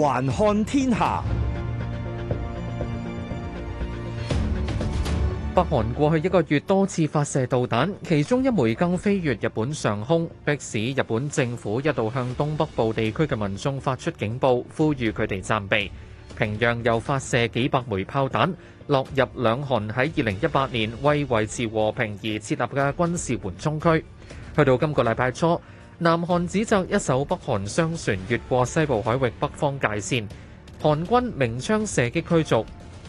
環看天下，北韓過去一個月多次發射導彈，其中一枚更飛越日本上空，迫使日本政府一度向東北部地區嘅民眾發出警報，呼籲佢哋暫避。平壤又發射幾百枚炮彈，落入兩韓喺二零一八年為維持和平而設立嘅軍事緩衝區。去到今個禮拜初。南韓指責一艘北韓商船越過西部海域北方界線，韓軍鳴槍射擊驅逐。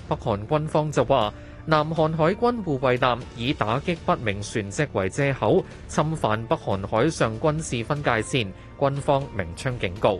北韓軍方就話，南韓海軍護衛艦以打擊不明船隻為借口，侵犯北韓海上軍事分界線，軍方鳴槍警告。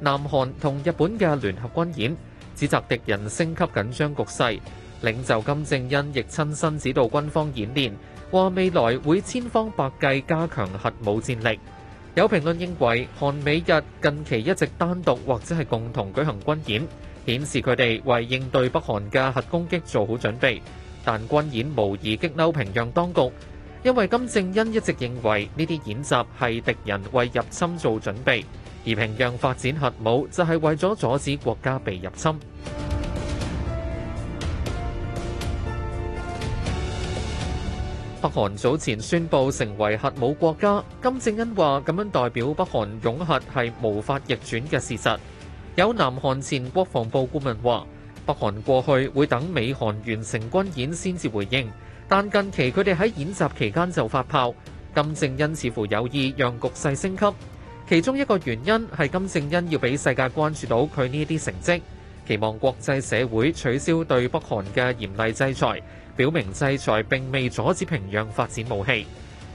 南韓同日本嘅聯合軍演，指責敵人升級緊張局勢。領袖金正恩亦親身指導軍方演練，話未來會千方百計加強核武戰力。有評論認為，韓美日近期一直單獨或者係共同舉行軍演，顯示佢哋為應對北韓嘅核攻擊做好準備。但軍演無疑激嬲平壤當局，因為金正恩一直認為呢啲演習係敵人為入侵做準備。而平壤發展核武就係為咗阻止國家被入侵。 北韓早前宣布成為核武國家，金正恩話咁樣代表北韓擁核係無法逆轉嘅事實。有南韓前國防部顧問話，北韓過去會等美韓完成軍演先至回應，但近期佢哋喺演習期間就發炮。金正恩似乎有意讓局勢升級。其中一個原因係金正恩要俾世界關注到佢呢啲成績，期望國際社會取消對北韓嘅嚴厲制裁，表明制裁並未阻止平壤發展武器。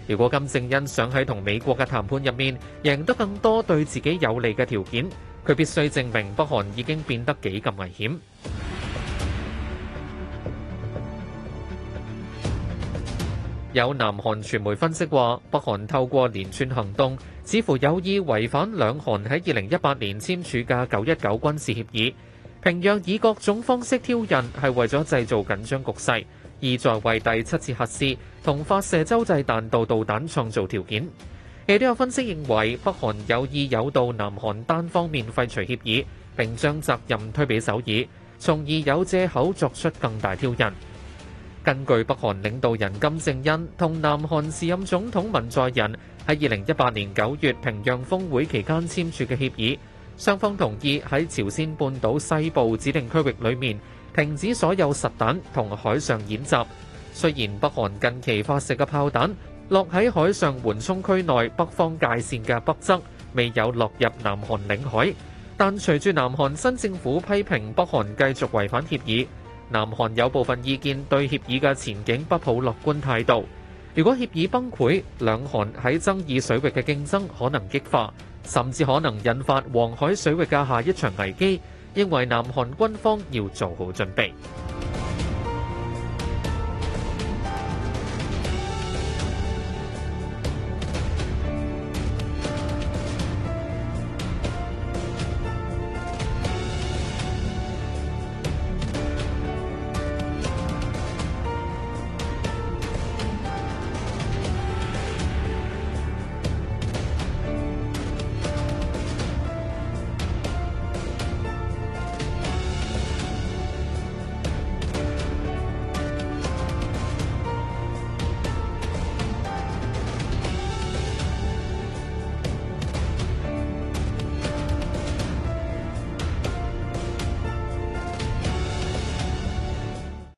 如果金正恩想喺同美國嘅談判入面贏得更多對自己有利嘅條件，佢必須證明北韓已經變得幾咁危險。有南韓傳媒分析話，北韓透過連串行動，似乎有意違反兩韓喺二零一八年簽署嘅《九一九》軍事協議，平壤以各種方式挑釁，係為咗製造緊張局勢，意在為第七次核試同發射洲際彈道導彈創造條件。亦都有分析認為，北韓有意誘導南韓單方面廢除協議，並將責任推俾首爾，從而有借口作出更大挑釁。根據北韓領導人金正恩同南韓時任總統文在寅喺二零一八年九月平壤峰會期間簽署嘅協議，雙方同意喺朝鮮半島西部指定區域裏面停止所有實彈同海上演習。雖然北韓近期發射嘅炮彈落喺海上緩衝區內北方界線嘅北側，未有落入南韓領海，但隨住南韓新政府批評北韓繼續違反協議。南韓有部分意見對協議嘅前景不抱樂觀態度。如果協議崩潰，兩韓喺爭議水域嘅競爭可能激化，甚至可能引發黃海水域嘅下一場危機。認為南韓軍方要做好準備。